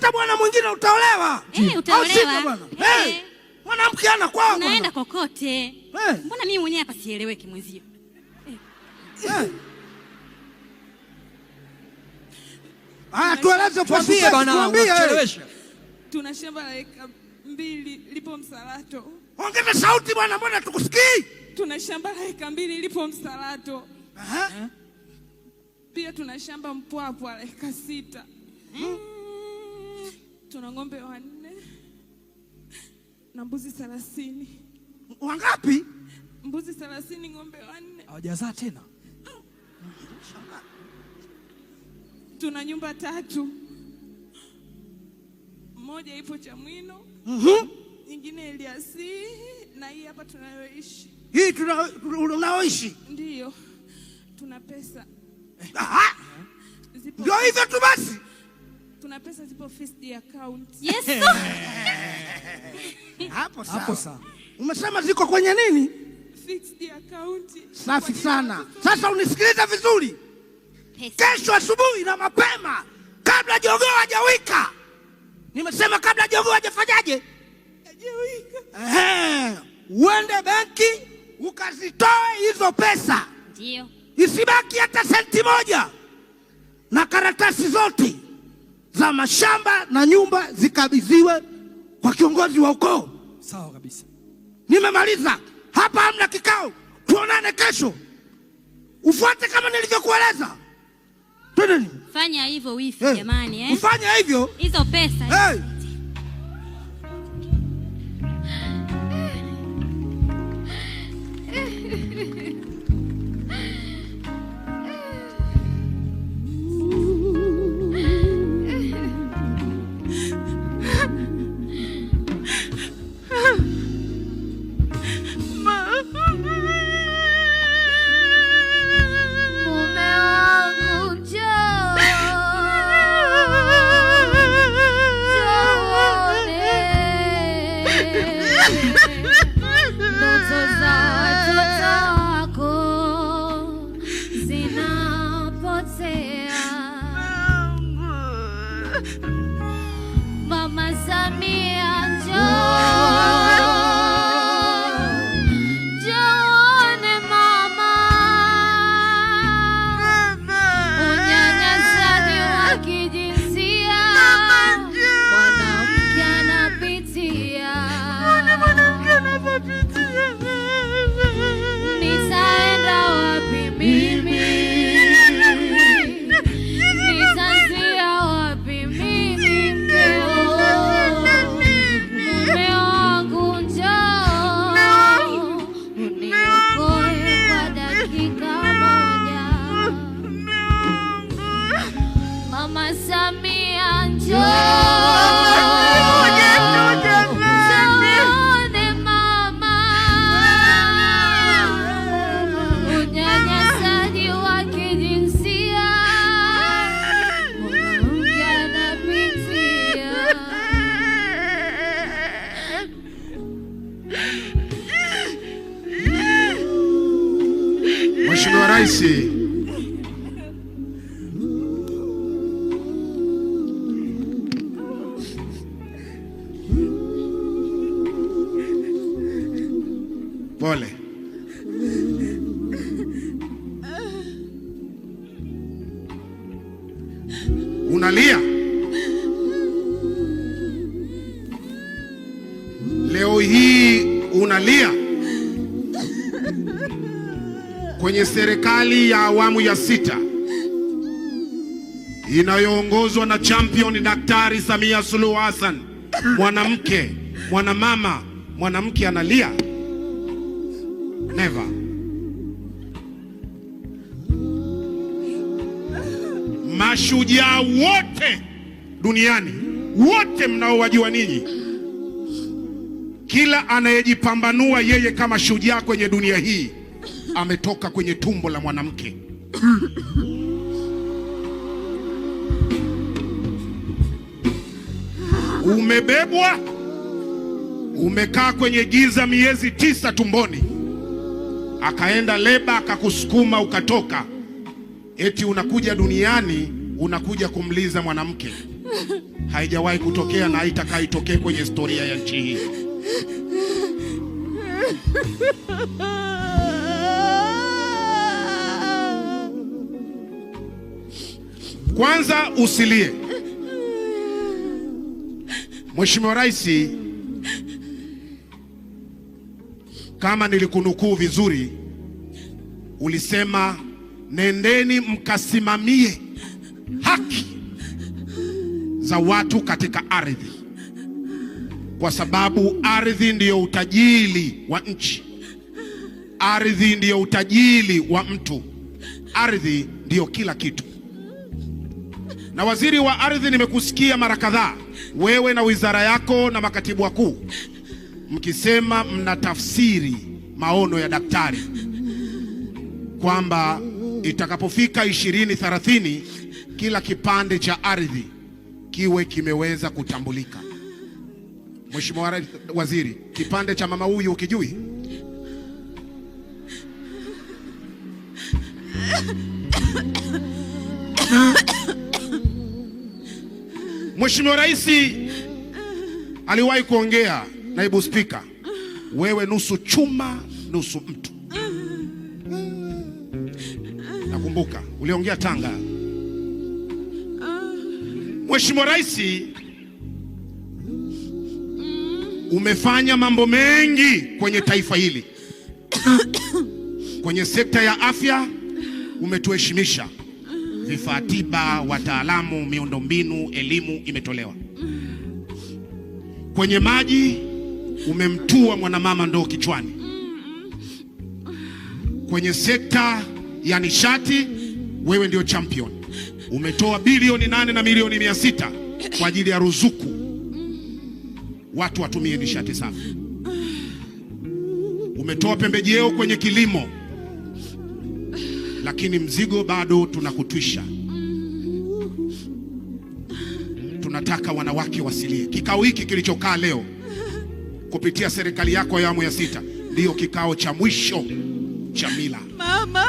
Ukipata bwana mwingine utaolewa. Eh, utaolewa. Ah, eh. eh. Mwanamke ana kwao. Naenda kokote. Eh. Mbona mimi mwenyewe hapa sieleweki mwenzio? Eh. Ah, tueleze kwa bwana, bwana. Tuna shamba la eka mbili lipo Msalato. Ongeza sauti bwana, mbona tukusikii? Tuna shamba la eka mbili lipo Msalato. Aha. Pia tuna shamba Mpwapwa la eka sita. Hmm ng'ombe wanne na mbuzi thelathini. Wangapi? Mbuzi thelathini, ng'ombe wanne. Hawajazaa tena. Tuna nyumba tatu, moja ipo Chamwino, mm -hmm. nyingine Eliasi na hii hapa tunayoishi. Hii tunaoishi ndio tuna pesa. Eh, ndio hivyo tu basi kuna pesa zipo fixed account. Yes. Hapo sawa. Hapo sawa. Umesema ziko kwenye nini? Fixed account. Safi sana. Sasa unisikiliza vizuri. Kesho asubuhi na mapema kabla jogoo hajawika. Nimesema kabla jogoo hajafanyaje? Eh. Uende benki ukazitoe hizo pesa. Ndio. Isibaki hata senti moja na karatasi zote za mashamba na nyumba zikabidhiwe kwa kiongozi wa ukoo. Sawa kabisa, nimemaliza hapa. Hamna kikao, tuonane kesho, ufuate kama nilivyokueleza. Twendeni, fanya hivyo wifi. Hey, eh, jamani eh? ufanya hivyo hizo pesa hey. Eh. Pole. Una lía. Le oí una lía. kwenye serikali ya awamu ya sita inayoongozwa na champion Daktari Samia Suluhu Hassan, mwanamke, mwanamama, mwanamke analia never mashujaa wote duniani wote mnaowajua ninyi, kila anayejipambanua yeye kama shujaa kwenye dunia hii ametoka kwenye tumbo la mwanamke. Umebebwa, umekaa kwenye giza miezi tisa tumboni, akaenda leba akakusukuma ukatoka, eti unakuja duniani unakuja kumliza mwanamke. Haijawahi kutokea na haitakaa itokee kwenye historia ya nchi hii. Kwanza usilie. Mheshimiwa Rais, kama nilikunukuu vizuri, ulisema nendeni mkasimamie haki za watu katika ardhi, kwa sababu ardhi ndiyo utajiri wa nchi, ardhi ndiyo utajiri wa mtu, ardhi ndiyo kila kitu. Na waziri wa ardhi, nimekusikia mara kadhaa wewe na wizara yako na makatibu wakuu mkisema mnatafsiri maono ya daktari kwamba itakapofika 2030 kila kipande cha ardhi kiwe kimeweza kutambulika. Mheshimiwa Waziri, kipande cha mama huyu ukijui Mheshimiwa Rais aliwahi kuongea, naibu spika, wewe nusu chuma nusu mtu. Nakumbuka uliongea Tanga. Mheshimiwa Rais, umefanya mambo mengi kwenye taifa hili kwenye sekta ya afya umetuheshimisha vifaa tiba, wataalamu, miundombinu, elimu imetolewa. Kwenye maji umemtua mwanamama ndoo kichwani. Kwenye sekta ya nishati wewe ndio champion, umetoa bilioni nane na milioni mia sita kwa ajili ya ruzuku, watu watumie nishati safi. Umetoa pembejeo kwenye kilimo lakini mzigo bado tunakutwisha. Tunataka wanawake wasilie. Kikao hiki kilichokaa leo kupitia serikali yako ya awamu ya sita ndiyo kikao cha mwisho cha mila mama.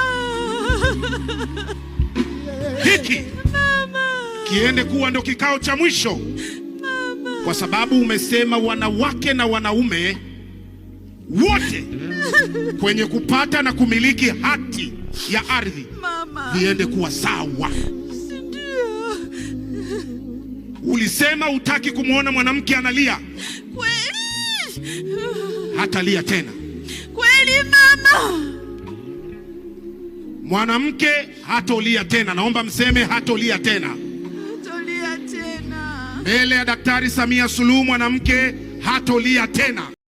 Hiki mama, kiende kuwa ndio kikao cha mwisho mama, kwa sababu umesema wanawake na wanaume wote kwenye kupata na kumiliki hati ya ardhi viende kuwa sawa. Ulisema utaki kumwona mwanamke analia. Kweli hatalia tena. Kweli mama, mwanamke hatolia tena. Naomba mseme hatolia tena, hatolia tena mbele ya Daktari Samia Suluhu, mwanamke hatolia tena.